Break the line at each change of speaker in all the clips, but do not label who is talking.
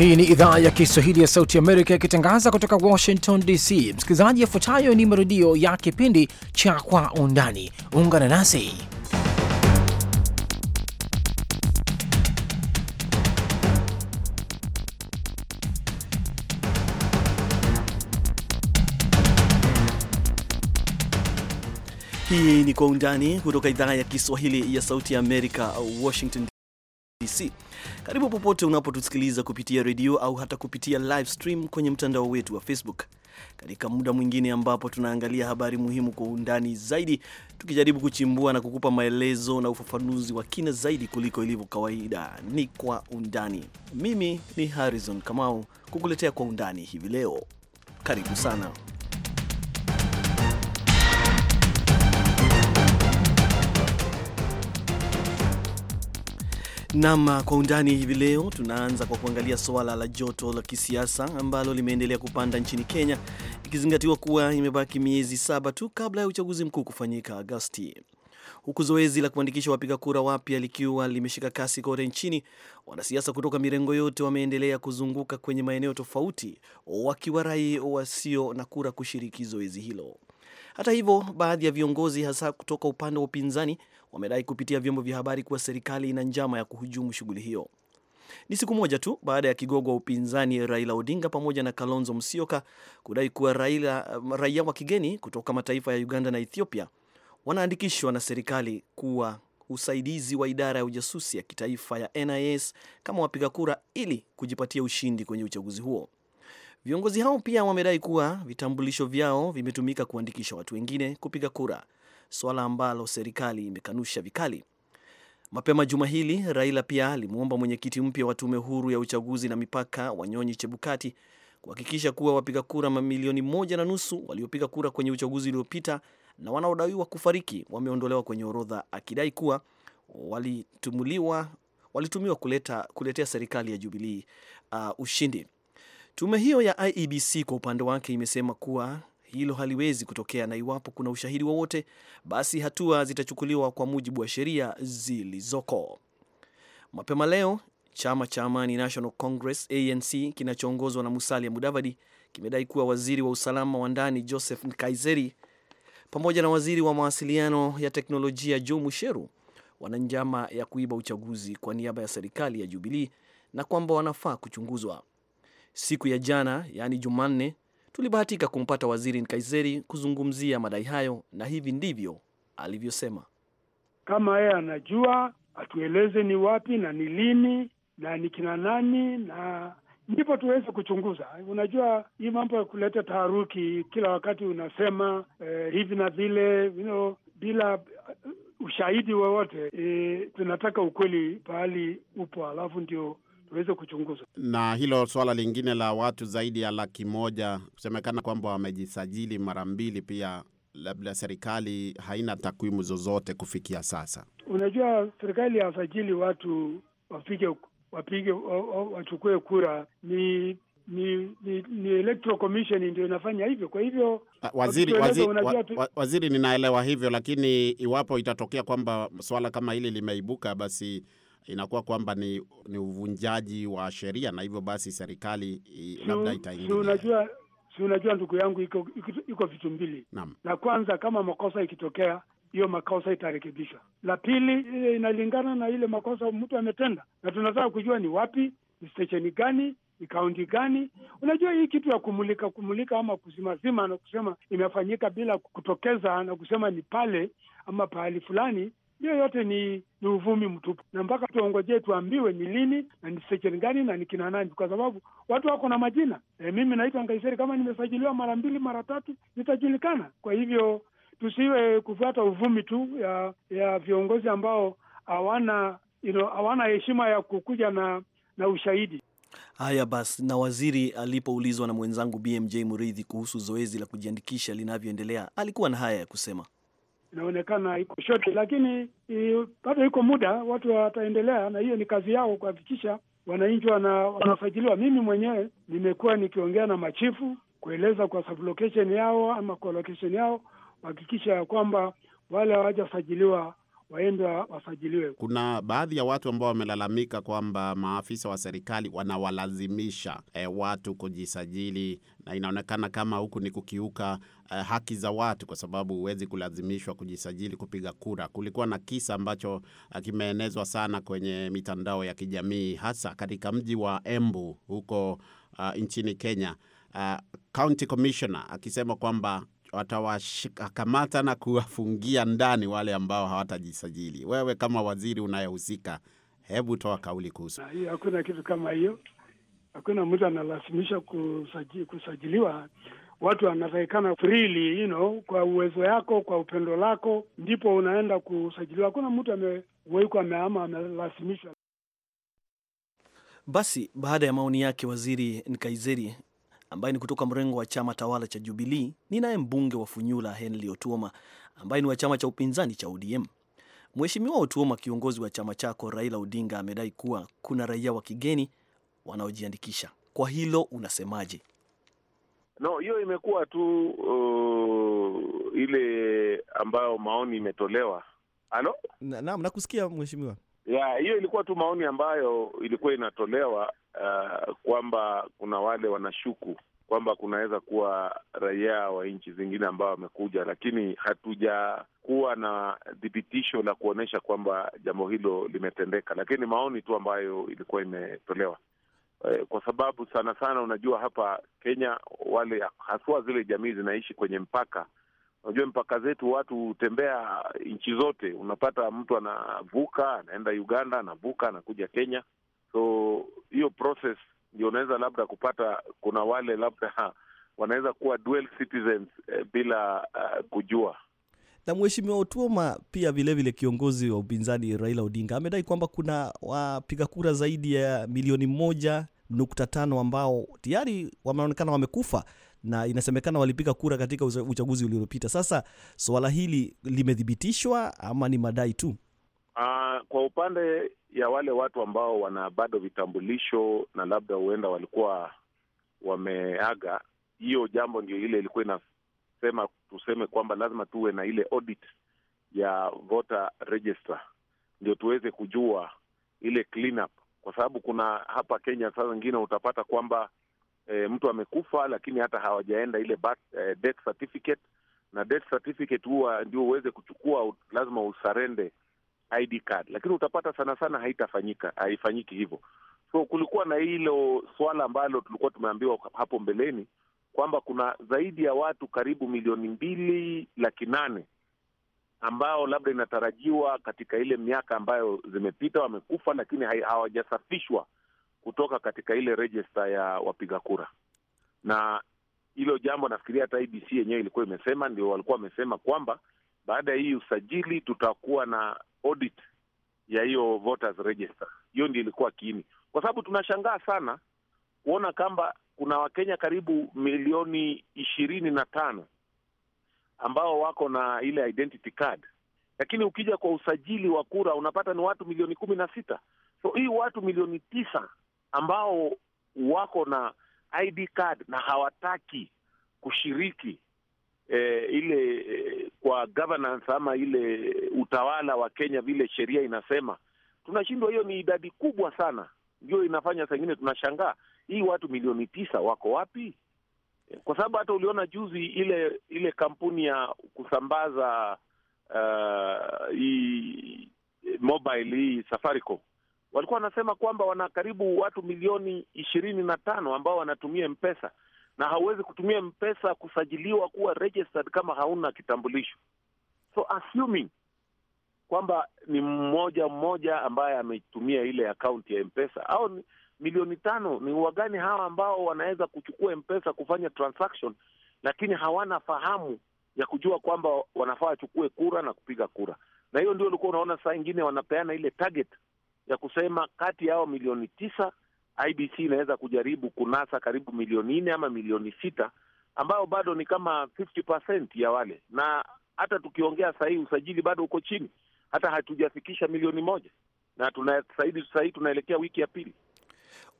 Hii ni idhaa ya Kiswahili ya Sauti Amerika ikitangaza kutoka Washington DC. Msikilizaji, yafuatayo ni marudio ya kipindi cha Kwa Undani. Ungana nasi
Hii ni Kwa Undani kutoka idhaa ya Kiswahili ya Sauti ya Amerika, Washington DC. Karibu popote unapotusikiliza kupitia redio au hata kupitia live stream kwenye mtandao wetu wa Facebook, katika muda mwingine ambapo tunaangalia habari muhimu kwa undani zaidi, tukijaribu kuchimbua na kukupa maelezo na ufafanuzi wa kina zaidi kuliko ilivyo kawaida. Ni kwa undani. Mimi ni Harrison Kamau kukuletea kwa undani hivi leo. Karibu sana. Nam ah, kwa undani hivi leo, tunaanza kwa kuangalia suala la joto la kisiasa ambalo limeendelea kupanda nchini Kenya, ikizingatiwa kuwa imebaki miezi saba tu kabla ya uchaguzi mkuu kufanyika Agosti. Huku zoezi la kuandikisha wapiga kura wapya likiwa limeshika kasi kote nchini, wanasiasa kutoka mirengo yote wameendelea kuzunguka kwenye maeneo tofauti, wakiwarai wasio na kura kushiriki zoezi hilo. Hata hivyo, baadhi ya viongozi hasa kutoka upande wa upinzani wamedai kupitia vyombo vya habari kuwa serikali ina njama ya kuhujumu shughuli hiyo. Ni siku moja tu baada ya kigogo wa upinzani Raila Odinga pamoja na Kalonzo Musyoka kudai kuwa Raila, raia wa kigeni kutoka mataifa ya Uganda na Ethiopia wanaandikishwa na serikali kuwa usaidizi wa idara ya ujasusi ya kitaifa ya NIS kama wapiga kura ili kujipatia ushindi kwenye uchaguzi huo. Viongozi hao pia wamedai kuwa vitambulisho vyao vimetumika kuandikisha watu wengine kupiga kura swala ambalo serikali imekanusha vikali. Mapema juma hili, Raila pia alimwomba mwenyekiti mpya wa tume huru ya uchaguzi na mipaka Wanyonyi Chebukati kuhakikisha kuwa wapiga kura mamilioni moja na nusu waliopiga kura kwenye uchaguzi uliopita na wanaodaiwa kufariki wameondolewa kwenye orodha, akidai kuwa walitumuliwa walitumiwa kuleta, kuletea serikali ya Jubilii uh, ushindi. Tume hiyo ya IEBC kwa upande wake imesema kuwa hilo haliwezi kutokea, na iwapo kuna ushahidi wowote, basi hatua zitachukuliwa kwa mujibu wa sheria zilizoko. Mapema leo chama cha Amani National Congress ANC kinachoongozwa na Musalia Mudavadi kimedai kuwa waziri wa usalama wa ndani Joseph Nkaiseri pamoja na waziri wa mawasiliano ya teknolojia Joe Musheru wana njama ya kuiba uchaguzi kwa niaba ya serikali ya jubilii na kwamba wanafaa kuchunguzwa. Siku ya jana, yaani Jumanne, Tulibahatika kumpata Waziri Nkaiseri kuzungumzia madai hayo, na hivi ndivyo alivyosema.
Kama yeye anajua atueleze ni wapi na ni lini na ni kina nani, na ndipo tuweze kuchunguza. Unajua, hii mambo ya kuleta taharuki kila wakati unasema eh, hivi na vile you know, bila uh, ushahidi wowote eh, tunataka ukweli pahali upo, alafu ndio liweze kuchunguzwa.
Na hilo swala lingine la watu zaidi ya laki moja kusemekana kwamba wamejisajili mara mbili pia labda serikali haina takwimu zozote kufikia sasa.
Unajua, serikali hawasajili watu wafike wapige wachukue kura, ni ni ni, ni electoral commission ndio inafanya hivyo. Kwa hivyo ah, waziri waziri, wa,
waziri, ninaelewa hivyo, lakini iwapo itatokea kwamba swala kama hili limeibuka, basi inakuwa kwamba ni, ni uvunjaji wa sheria na hivyo basi serikali labda itaingilia. Si unajua,
si unajua ndugu yangu, iko, iko,
iko vitu mbili. Naam. La kwanza kama makosa ikitokea
hiyo makosa itarekebishwa. La pili eh, inalingana na ile makosa mtu ametenda, na tunataka kujua ni wapi, ni stesheni gani, ni kaunti gani. Unajua hii kitu ya kumulika kumulika ama kuzimazima na kusema imefanyika bila kutokeza na kusema ni pale ama pahali fulani, hiyo yote ni ni uvumi mtupu, na mpaka tuongojee tuambiwe ni lini na ni sesheni gani na ni kina nani, kwa sababu watu wako na majina. E, mimi naitwa Ngaiseri, kama nimesajiliwa mara mbili mara tatu nitajulikana. Kwa hivyo tusiwe kufuata uvumi tu ya ya viongozi ambao hawana you know, hawana heshima ya kukuja na na ushahidi.
Haya basi, na waziri alipoulizwa na mwenzangu BMJ Muridhi kuhusu zoezi la kujiandikisha linavyoendelea, alikuwa na haya ya kusema
inaonekana iko shoti, lakini bado iko muda, watu wataendelea na hiyo ni kazi yao kuhakikisha wananchi wanasajiliwa Mimi mwenyewe nimekuwa nikiongea na machifu kueleza kwa sublocation yao ama kwa location yao kuhakikisha ya kwamba wale hawajasajiliwa waende wasajiliwe.
Kuna baadhi ya watu ambao wamelalamika kwamba maafisa wa serikali wanawalazimisha e, watu kujisajili, na inaonekana kama huku ni kukiuka e, haki za watu, kwa sababu huwezi kulazimishwa kujisajili kupiga kura. Kulikuwa na kisa ambacho eh, kimeenezwa sana kwenye mitandao ya kijamii, hasa katika mji wa Embu huko uh, nchini Kenya, uh, county commissioner akisema kwamba watawakamata na kuwafungia ndani wale ambao hawatajisajili. Wewe kama waziri unayehusika, hebu toa kauli kuhusu
hiyo. Hakuna kitu kama hiyo, hakuna mtu analazimisha kusaji, kusajiliwa watu wanatakikana freely, you know, kwa uwezo yako, kwa upendo lako ndipo unaenda kusajiliwa. Hakuna mtu amewekwa ameama amelazimishwa.
Basi baada ya maoni yake Waziri Nkaizeri ambaye ni kutoka mrengo wa chama tawala cha jubilii ni naye mbunge wa Funyula Henry Otuoma ambaye ni wa chama cha upinzani cha ODM. Mheshimiwa Otuoma, kiongozi wa chama chako Raila Odinga amedai kuwa kuna raia wa kigeni wanaojiandikisha. Kwa hilo unasemaje?
No, hiyo imekuwa tu uh, ile ambayo maoni imetolewa. Halo,
naam, nakusikia mheshimiwa.
Ya, hiyo ilikuwa tu maoni ambayo ilikuwa inatolewa uh, kwamba kuna wale wanashuku kwamba kunaweza kuwa raia wa nchi zingine ambao wamekuja, lakini hatujakuwa na thibitisho la kuonyesha kwamba jambo hilo limetendeka, lakini maoni tu ambayo ilikuwa imetolewa eh, kwa sababu sana sana, unajua hapa Kenya wale haswa zile jamii zinaishi kwenye mpaka. Unajua mpaka zetu watu hutembea nchi zote, unapata mtu anavuka anaenda Uganda, anavuka anakuja Kenya. So hiyo process ndio unaweza labda kupata, kuna wale labda wanaweza kuwa dual citizens eh, bila uh, kujua.
Na Mheshimiwa Otuoma pia vilevile, kiongozi wa upinzani Raila Odinga amedai kwamba kuna wapiga kura zaidi ya milioni moja nukta tano ambao tayari wameonekana wamekufa na inasemekana walipiga kura katika uchaguzi uliopita. Sasa suala hili limethibitishwa ama ni madai tu?
Uh, kwa upande ya wale watu ambao wana bado vitambulisho na labda huenda walikuwa wameaga, hiyo jambo ndio ile ilikuwa inasema tuseme kwamba lazima tuwe na ile audit ya voter register ndio tuweze kujua ile clean up, kwa sababu kuna hapa Kenya saa zingine utapata kwamba e, mtu amekufa lakini hata hawajaenda ile birth, e, death certificate na death certificate huwa ndio uweze kuchukua, lazima usarende ID card, lakini utapata sana sana haitafanyika, haifanyiki hivyo. So kulikuwa na hilo swala ambalo tulikuwa tumeambiwa hapo mbeleni kwamba kuna zaidi ya watu karibu milioni mbili laki nane ambao labda inatarajiwa katika ile miaka ambayo zimepita wamekufa, lakini hawajasafishwa kutoka katika ile rejista ya wapiga kura. Na hilo jambo nafikiria hata IBC yenyewe ilikuwa imesema, ndio walikuwa wamesema kwamba baada ya hii usajili tutakuwa na audit ya hiyo voters register. Hiyo ndio ilikuwa kiini, kwa sababu tunashangaa sana kuona kwamba kuna Wakenya karibu milioni ishirini na tano ambao wako na ile identity card, lakini ukija kwa usajili wa kura unapata ni watu milioni kumi na sita. So hii watu milioni tisa ambao wako na ID card na hawataki kushiriki eh, ile eh, kwa governance ama ile utawala wa Kenya vile sheria inasema, tunashindwa. Hiyo ni idadi kubwa sana, ndio inafanya sangine tunashangaa hii watu milioni tisa wako wapi? Eh, kwa sababu hata uliona juzi ile ile kampuni ya kusambaza uh, hii mobile hii Safaricom walikuwa wanasema kwamba wana karibu watu milioni ishirini na tano ambao wanatumia Mpesa na hauwezi kutumia mpesa kusajiliwa kuwa registered kama hauna kitambulisho. So assuming kwamba ni mmoja mmoja ambaye ametumia ile akaunti ya mpesa au milioni tano, ni wagani hawa ambao wanaweza kuchukua mpesa kufanya transaction, lakini hawana fahamu ya kujua kwamba wanafaa wachukue kura na kupiga kura. Na hiyo ndio ulikuwa unaona saa ingine wanapeana ile target ya kusema kati yao milioni tisa IBC inaweza kujaribu kunasa karibu milioni nne ama milioni sita ambayo bado ni kama 50% ya wale, na hata tukiongea sahii usajili bado uko chini, hata hatujafikisha milioni moja na tuna sahii tunaelekea wiki ya pili.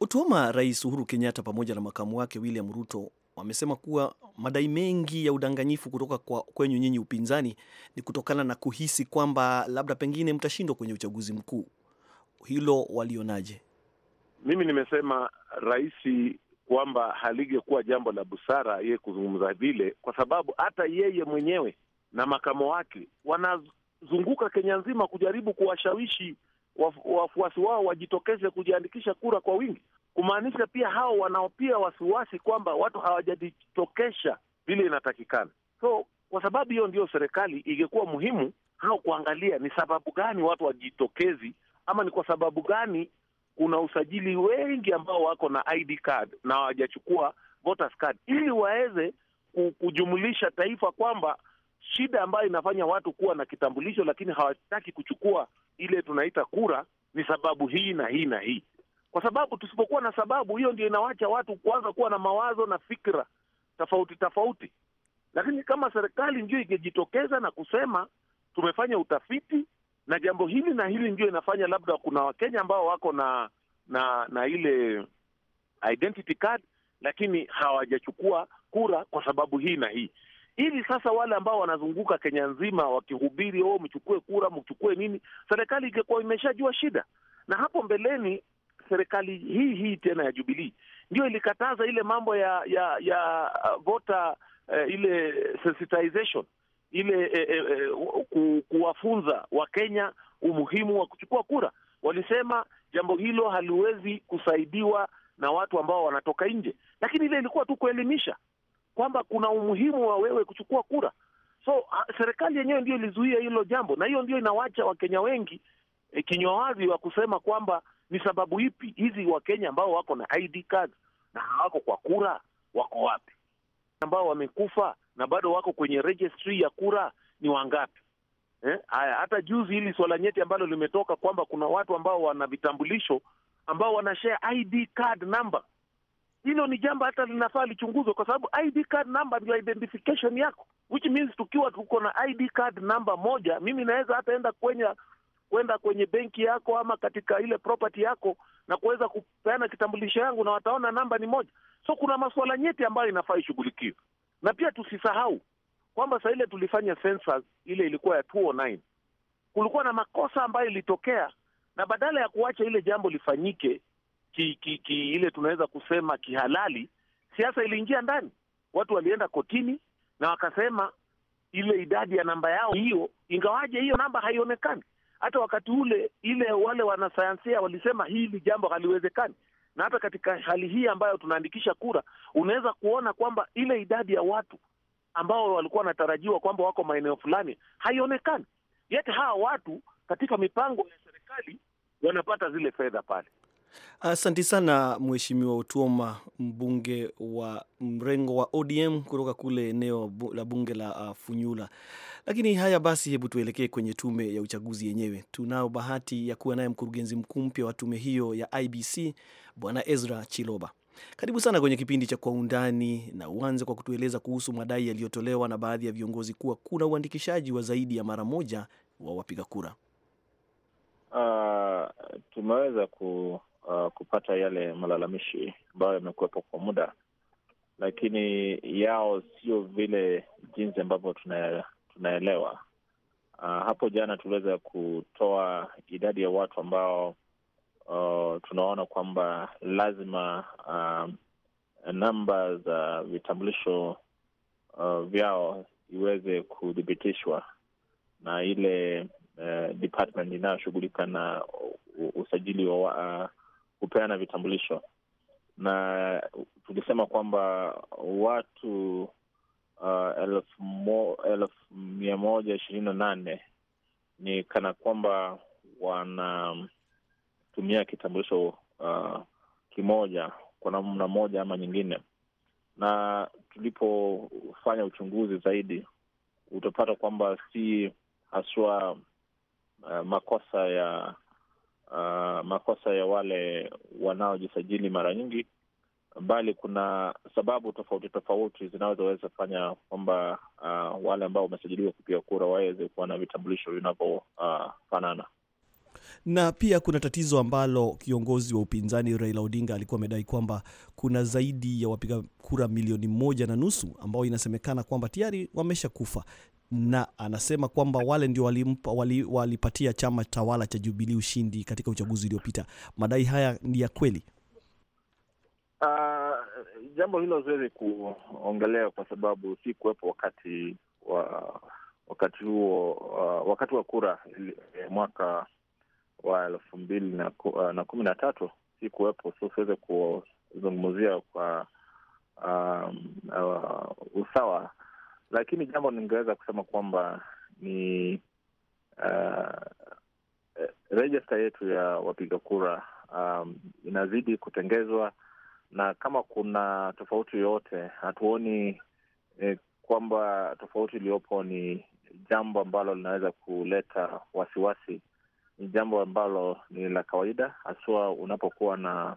Utuma Rais Uhuru Kenyatta pamoja na makamu wake William Ruto wamesema kuwa madai mengi ya udanganyifu kutoka kwa kwenyu nyinyi upinzani ni kutokana na kuhisi kwamba labda pengine mtashindwa kwenye uchaguzi mkuu. Hilo walionaje?
mimi nimesema rahisi kwamba halingekuwa jambo la busara yeye kuzungumza vile, kwa sababu hata yeye mwenyewe na makamo wake wanazunguka Kenya nzima kujaribu kuwashawishi wafuasi wao wajitokeze kujiandikisha kura kwa wingi, kumaanisha pia hao wanaopia wasiwasi kwamba watu hawajajitokesha vile inatakikana. So kwa sababu hiyo, ndiyo serikali ingekuwa muhimu hao kuangalia ni sababu gani watu wajitokezi, ama ni kwa sababu gani kuna usajili wengi ambao wako na ID card na hawajachukua voters card, ili waweze kujumulisha taifa kwamba shida ambayo inafanya watu kuwa na kitambulisho lakini hawataki kuchukua ile tunaita kura ni sababu hii na hii na hii, kwa sababu tusipokuwa na sababu hiyo, ndio inawacha watu kuanza kuwa na mawazo na fikra tofauti tofauti. Lakini kama serikali ndio ingejitokeza na kusema tumefanya utafiti na jambo hili na hili ndio inafanya labda kuna Wakenya ambao wako na na na ile identity card lakini hawajachukua kura kwa sababu hii na hii, ili sasa wale ambao wanazunguka Kenya nzima wakihubiri oh, mchukue kura mchukue nini, serikali ingekuwa imeshajua shida. Na hapo mbeleni serikali hii hii tena ya jubilii ndio ilikataza ile mambo ya ya ya uh, vota uh, ile sensitization ile e, e, e, ku, kuwafunza Wakenya umuhimu wa kuchukua kura. Walisema jambo hilo haliwezi kusaidiwa na watu ambao wanatoka nje, lakini ile ilikuwa tu kuelimisha kwamba kuna umuhimu wa wewe kuchukua kura. So serikali yenyewe ndio ilizuia hilo jambo, na hiyo ndio inawacha Wakenya wengi e, kinywa wazi wa kusema kwamba ni sababu ipi hizi Wakenya ambao wako na ID card na hawako kwa kura wako wapi? Ambao wamekufa na bado wako kwenye registry ya kura ni wangapi? Eh, hata juzi hili swala nyeti ambalo limetoka kwamba kuna watu ambao wana vitambulisho ambao wanashare ID card number. Hilo ni jambo hata linafaa lichunguzwe, kwa sababu ID card number ndio identification yako, which means tukiwa tuko na ID card number moja, mimi naweza hata enda kwenye kwenda kwenye benki yako ama katika ile property yako na kuweza kupeana kitambulisho yangu na wataona namba ni moja. So kuna masuala nyeti ambayo inafaa ishughulikiwe. Na pia tusisahau kwamba saa ile tulifanya census ile ilikuwa ya 2009 kulikuwa na makosa ambayo ilitokea, na badala ya kuacha ile jambo lifanyike ki, ki, ki ile tunaweza kusema kihalali, siasa iliingia ndani. Watu walienda kotini na wakasema ile idadi ya namba yao hiyo, ingawaje hiyo namba haionekani hata wakati ule. Ile wale wanasayansia walisema hili jambo haliwezekani, na hata katika hali hii ambayo tunaandikisha kura, unaweza kuona kwamba ile idadi ya watu ambao walikuwa wanatarajiwa kwamba wako maeneo fulani haionekani, yet hawa watu katika mipango ya serikali wanapata zile fedha pale.
Asante sana Mheshimiwa utuoma mbunge wa mrengo wa ODM kutoka kule eneo la bunge la uh, Funyula. Lakini haya basi, hebu tuelekee kwenye tume ya uchaguzi yenyewe. Tunao bahati ya kuwa naye mkurugenzi mkuu mpya wa tume hiyo ya IBC Bwana Ezra Chiloba. Karibu sana kwenye kipindi cha Kwa Undani, na uanze kwa kutueleza kuhusu madai yaliyotolewa na baadhi ya viongozi kuwa kuna uandikishaji wa zaidi ya mara moja wa wapiga kura.
Uh, tumeweza ku, uh, kupata yale malalamishi ambayo yamekuwepo kwa muda, lakini yao sio vile jinsi ambavyo tunaelewa. Uh, hapo jana tuliweza kutoa idadi ya watu ambao uh, tunaona kwamba lazima uh, namba za vitambulisho uh, vyao iweze kuthibitishwa na ile uh, department inayoshughulika na usajili wa uh, kupeana vitambulisho, na tulisema kwamba watu Uh, elfu mo, elfu mia moja ishirini na nane ni kana kwamba wanatumia kitambulisho uh, kimoja kwa namna moja ama nyingine, na tulipofanya uchunguzi zaidi utapata kwamba si haswa uh, makosa ya uh, makosa ya wale wanaojisajili mara nyingi bali kuna sababu tofauti tofauti zinazoweza fanya kwamba uh, wale ambao wamesajiliwa kupiga kura waweze kuwa na vitambulisho vinavyofanana. Uh,
na pia kuna tatizo ambalo kiongozi wa upinzani Raila Odinga alikuwa amedai kwamba kuna zaidi ya wapiga kura milioni moja na nusu ambao inasemekana kwamba tayari wamesha kufa, na anasema kwamba wale ndio walipatia wali, walipatia chama tawala cha Jubilii ushindi katika uchaguzi uliopita. Madai haya ni ya kweli?
Uh, jambo hilo ziwezi kuongelea kwa sababu si kuwepo wakati wa wakati huo uh, wakati wa kura eh, mwaka wa elfu mbili na, uh, na kumi na tatu si kuwepo, so siweze kuzungumzia kwa um, uh, usawa, lakini jambo ningeweza kusema kwamba ni uh, eh, rejista yetu ya wapiga kura um, inazidi kutengezwa na kama kuna tofauti yoyote hatuoni eh, kwamba tofauti iliyopo ni jambo ambalo linaweza kuleta wasiwasi. Ni jambo ambalo ni la kawaida, haswa unapokuwa na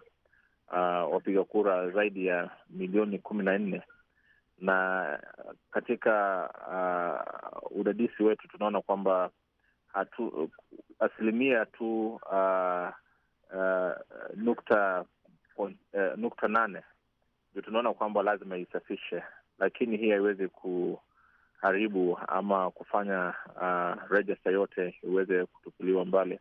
uh, wapiga kura zaidi ya milioni kumi na nne na katika uh, udadisi wetu tunaona kwamba hatu, asilimia tu uh, uh, nukta eh, nukta nane ndio tunaona kwamba lazima isafishe, lakini hii haiwezi kuharibu ama kufanya uh, ah, rejista yote iweze kutupuliwa mbali.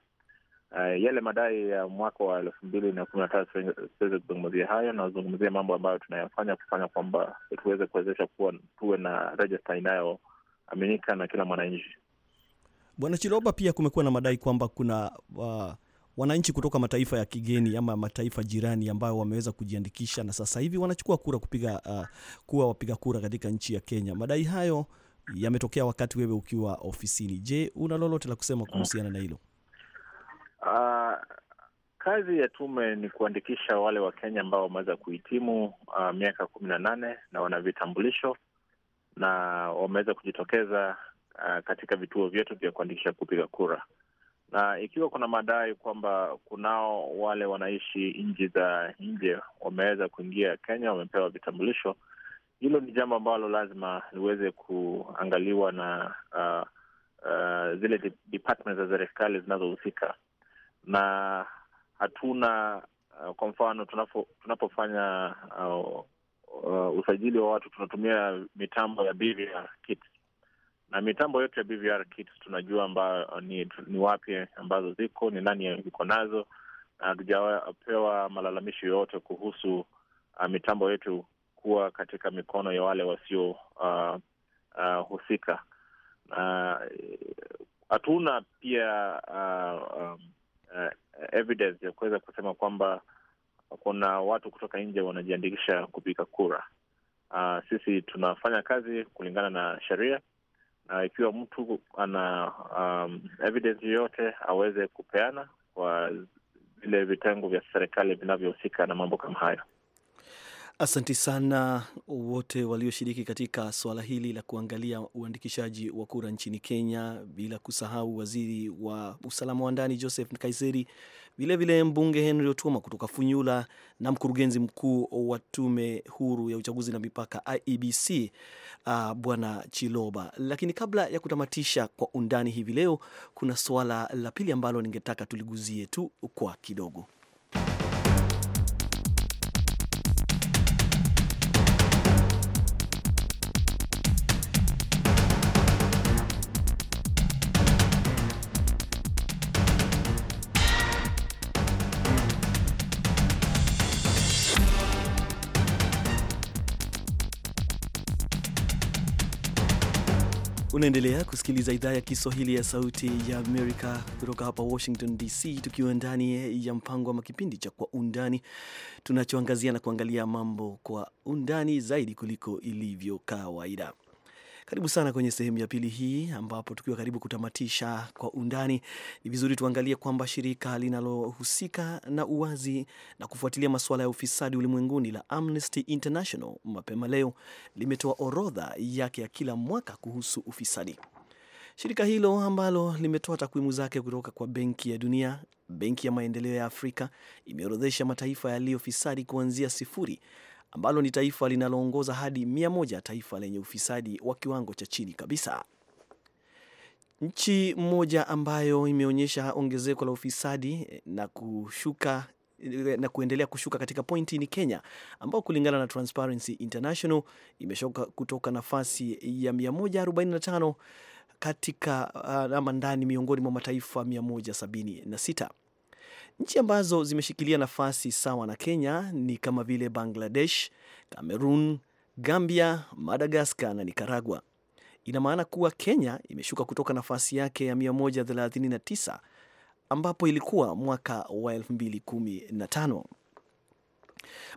Uh, yale madai ya uh, mwaka wa elfu mbili na kumi na tatu siweze kuzungumzia hayo, nazungumzia mambo ambayo tunayafanya kufanya kwamba tuweze kuwezesha kuwa tuwe na rejista inayoaminika na kila mwananchi.
Bwana Chiroba, pia kumekuwa na madai kwamba kuna uh, wananchi kutoka mataifa ya kigeni ama mataifa jirani ambayo wameweza kujiandikisha na sasa hivi wanachukua kura kupiga uh, kuwa wapiga kura katika nchi ya Kenya. Madai hayo yametokea wakati wewe ukiwa ofisini. Je, una lolote la kusema kuhusiana na hilo?
Uh, kazi ya tume ni kuandikisha wale wa kenya ambao wameweza kuhitimu uh, miaka kumi na nane na wana vitambulisho na wameweza kujitokeza uh, katika vituo vyetu vya kuandikisha kupiga kura na ikiwa kuna madai kwamba kunao wale wanaishi nchi za nje wameweza kuingia Kenya, wamepewa vitambulisho, hilo ni jambo ambalo lazima liweze kuangaliwa na uh, uh, zile za serikali zinazohusika na hatuna uh, kwa mfano tunapofanya uh, uh, usajili wa watu tunatumia mitambo ya BVR kit na mitambo yote ya BVR kit tunajua amba, ni, ni wapi ambazo ziko ni nani iko nazo, na hatujapewa malalamishi yoyote kuhusu uh, mitambo yetu kuwa katika mikono ya wale wasiohusika. Uh, uh, hatuna uh, pia uh, um, uh, evidence ya kuweza kusema kwamba kuna watu kutoka nje wanajiandikisha kupiga kura. Uh, sisi tunafanya kazi kulingana na sheria na ikiwa mtu ana um, evidence yoyote aweze kupeana kwa vile vitengo vya serikali vinavyohusika na mambo kama hayo.
Asanti sana wote walioshiriki katika suala hili la kuangalia uandikishaji wa kura nchini Kenya, bila kusahau waziri wa usalama wa ndani Joseph Kaiseri, vilevile mbunge Henry Otuoma kutoka Funyula na mkurugenzi mkuu wa tume huru ya uchaguzi na mipaka IEBC, uh, bwana Chiloba. Lakini kabla ya kutamatisha kwa undani hivi leo, kuna suala la pili ambalo ningetaka tuliguzie tu kwa kidogo. Unaendelea kusikiliza idhaa ya Kiswahili ya Sauti ya Amerika kutoka hapa Washington DC, tukiwa ndani ya mpango ama kipindi cha Kwa Undani, tunachoangazia na kuangalia mambo kwa undani zaidi kuliko ilivyo kawaida. Karibu sana kwenye sehemu ya pili hii, ambapo tukiwa karibu kutamatisha kwa undani, ni vizuri tuangalie kwamba shirika linalohusika na uwazi na kufuatilia masuala ya ufisadi ulimwenguni la Amnesty International mapema leo limetoa orodha yake ya kila mwaka kuhusu ufisadi. Shirika hilo ambalo limetoa takwimu zake kutoka kwa Benki ya Dunia, Benki ya Maendeleo ya Afrika imeorodhesha mataifa yaliyofisadi kuanzia sifuri ambalo ni taifa linaloongoza hadi mia moja taifa lenye ufisadi wa kiwango cha chini kabisa. Nchi moja ambayo imeonyesha ongezeko la ufisadi eh, na kushuka eh, na kuendelea kushuka katika pointi ni Kenya, ambao kulingana na Transparency International imeshuka kutoka nafasi ya 145 katika ah, ama ndani miongoni mwa mataifa 176. Nchi ambazo zimeshikilia nafasi sawa na Kenya ni kama vile Bangladesh, Cameroon, Gambia, Madagaskar na Nicaragua. Ina maana kuwa Kenya imeshuka kutoka nafasi yake ya 139 ambapo ilikuwa mwaka wa 2015.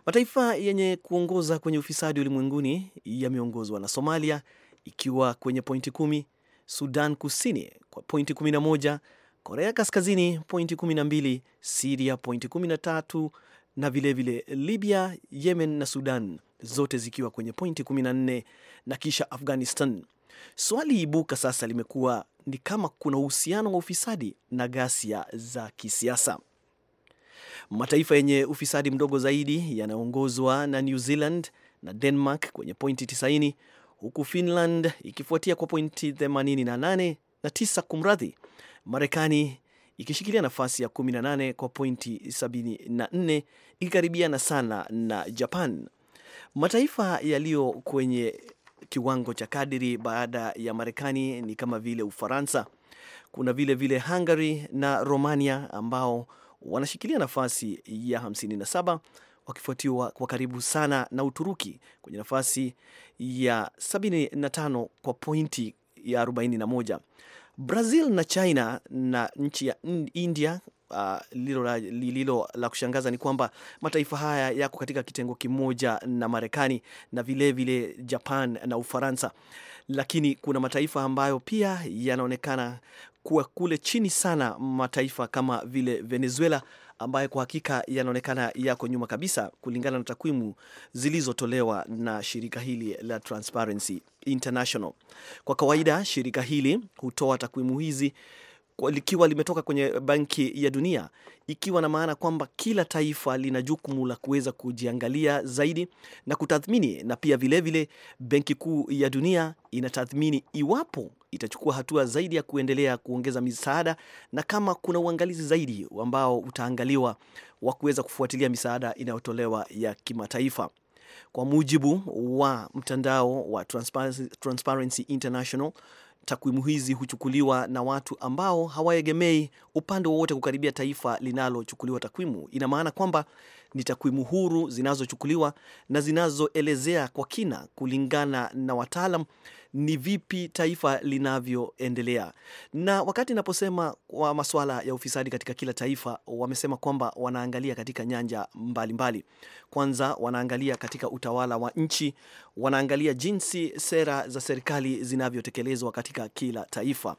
Mataifa yenye kuongoza kwenye ufisadi ulimwenguni yameongozwa na Somalia ikiwa kwenye pointi kumi, Sudan Kusini kwa pointi 11, Korea Kaskazini pointi 12, Siria pointi 13 na vilevile vile Libya, Yemen na Sudan zote zikiwa kwenye pointi 14 na kisha Afghanistan. Swali ibuka sasa limekuwa ni kama kuna uhusiano wa ufisadi na ghasia za kisiasa. Mataifa yenye ufisadi mdogo zaidi yanaongozwa na New Zealand na Denmark kwenye pointi 90 huku Finland ikifuatia kwa pointi 88 na 9 kumradhi, Marekani ikishikilia nafasi ya 18 kwa pointi 74 ikikaribiana sana na Japan. Mataifa yaliyo kwenye kiwango cha kadiri baada ya Marekani ni kama vile Ufaransa, kuna vile vile Hungary na Romania ambao wanashikilia nafasi ya 57 wakifuatiwa kwa karibu sana na Uturuki kwenye nafasi ya 75 kwa pointi ya 41. Brazil na China na nchi ya India. Uh, lilo la, lilo la kushangaza ni kwamba mataifa haya yako katika kitengo kimoja na Marekani na vilevile vile Japan na Ufaransa, lakini kuna mataifa ambayo pia yanaonekana kuwa kule chini sana, mataifa kama vile Venezuela ambayo kwa hakika yanaonekana yako nyuma kabisa kulingana na takwimu zilizotolewa na shirika hili la Transparency International. Kwa kawaida shirika hili hutoa takwimu hizi likiwa limetoka kwenye Benki ya Dunia, ikiwa na maana kwamba kila taifa lina jukumu la kuweza kujiangalia zaidi na kutathmini, na pia vilevile Benki Kuu ya Dunia inatathmini iwapo itachukua hatua zaidi ya kuendelea kuongeza misaada na kama kuna uangalizi zaidi ambao utaangaliwa wa kuweza kufuatilia misaada inayotolewa ya kimataifa. Kwa mujibu wa mtandao wa Transparency International, Takwimu hizi huchukuliwa na watu ambao hawaegemei upande wowote kukaribia taifa linalochukuliwa takwimu. Ina maana kwamba ni takwimu huru zinazochukuliwa na zinazoelezea kwa kina kulingana na wataalam ni vipi taifa linavyoendelea. Na wakati naposema kwa masuala ya ufisadi katika kila taifa, wamesema kwamba wanaangalia katika nyanja mbalimbali mbali. Kwanza wanaangalia katika utawala wa nchi, wanaangalia jinsi sera za serikali zinavyotekelezwa katika kila taifa.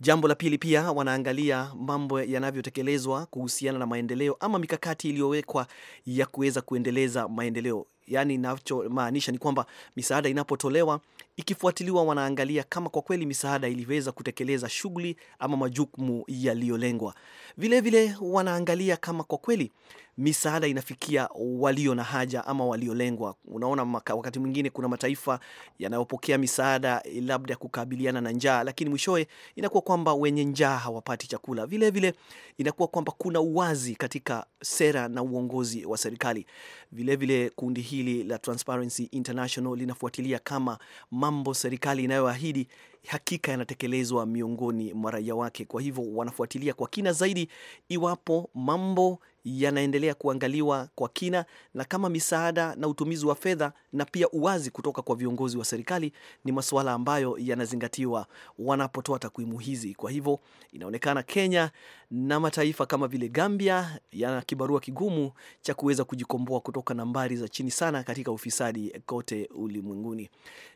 Jambo la pili pia wanaangalia mambo yanavyotekelezwa kuhusiana na maendeleo ama mikakati iliyowekwa ya kuweza kuendeleza maendeleo Yani inachomaanisha ni kwamba misaada inapotolewa ikifuatiliwa, wanaangalia kama kwa kweli misaada iliweza kutekeleza shughuli ama majukumu yaliyolengwa. Vilevile wanaangalia kama kwa kweli misaada inafikia walio na haja ama waliolengwa. Unaona, wakati mwingine kuna mataifa yanayopokea misaada eh, labda kukabiliana na njaa, lakini mwishowe inakuwa kwamba wenye njaa hawapati chakula. Vilevile inakuwa kwamba kuna uwazi katika sera na uongozi wa serikali. Vilevile kundi hili la Transparency International linafuatilia kama mambo serikali inayoahidi hakika yanatekelezwa miongoni mwa raia wake. Kwa hivyo wanafuatilia kwa kina zaidi iwapo mambo yanaendelea kuangaliwa kwa kina na kama misaada na utumizi wa fedha na pia uwazi kutoka kwa viongozi wa serikali ni masuala ambayo yanazingatiwa wanapotoa takwimu hizi. Kwa hivyo inaonekana Kenya na mataifa kama vile Gambia yana kibarua kigumu cha kuweza kujikomboa kutoka nambari za chini sana katika ufisadi kote ulimwenguni.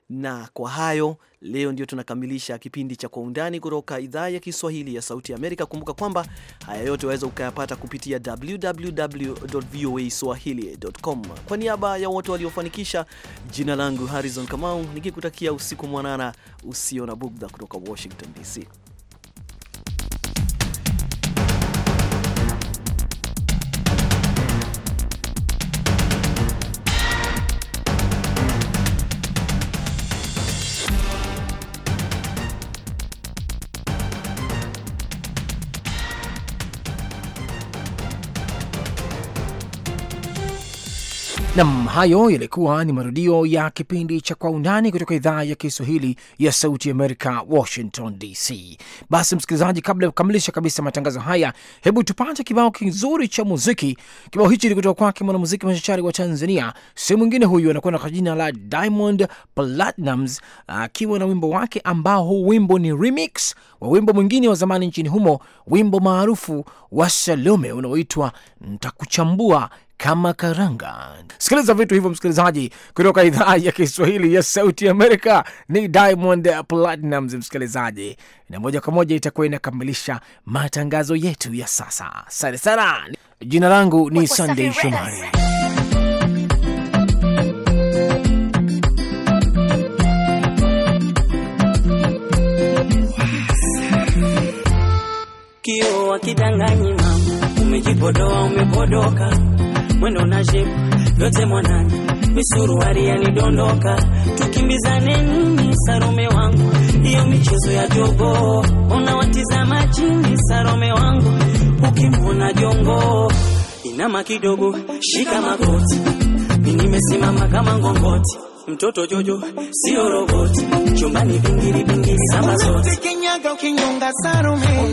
Na kwa hayo leo ndio tunakamilisha kipindi cha Kwa Undani kutoka idhaa ya Kiswahili ya Sauti ya Amerika. Kumbuka kwamba haya yote waweza ukayapata kupitia w www.voaswahili.com. Kwa niaba ya wote waliofanikisha, jina langu Harrison Kamau nikikutakia usiku mwanana usio na bugdha kutoka Washington DC.
Nam, hayo yalikuwa ni marudio ya kipindi cha Kwa Undani kutoka idhaa ya Kiswahili ya Sauti Amerika, Washington DC. Basi msikilizaji, kabla ya kukamilisha kabisa matangazo haya, hebu tupate kibao kizuri cha muziki. Kibao hichi ni kutoka kwake mwanamuziki machachari wa Tanzania, si mwingine huyu, anakwenda kwa jina la Diamond Platnumz akiwa na wimbo wake ambao huu wimbo ni remix wa wimbo mwingine wa zamani nchini humo, wimbo maarufu wa Salome unaoitwa Ntakuchambua kama karanga. Sikiliza vitu hivyo, msikilizaji, kutoka idhaa ya Kiswahili ya Sauti Amerika. Ni Diamond Platnumz, msikilizaji, na moja kwa moja itakuwa inakamilisha matangazo yetu ya sasa. Asante sana, jina langu ni sandey Shomari.
Kio wakidanganyi mama, umejipodoa mwendo unajibu yote mwanani, misuruari yanidondoka, tukimbizane nini Sarome wangu, hiyo michezo ya jogoo unawatizama chini Sarome wangu, ukimvuna jongo inama kidogo, shika magoti, nimesimama kama ngongoti mtoto Jojo sio roboti, chumbani vingiribingiri saba zote, ukinyonga Sarome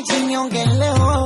más chingón que lejos.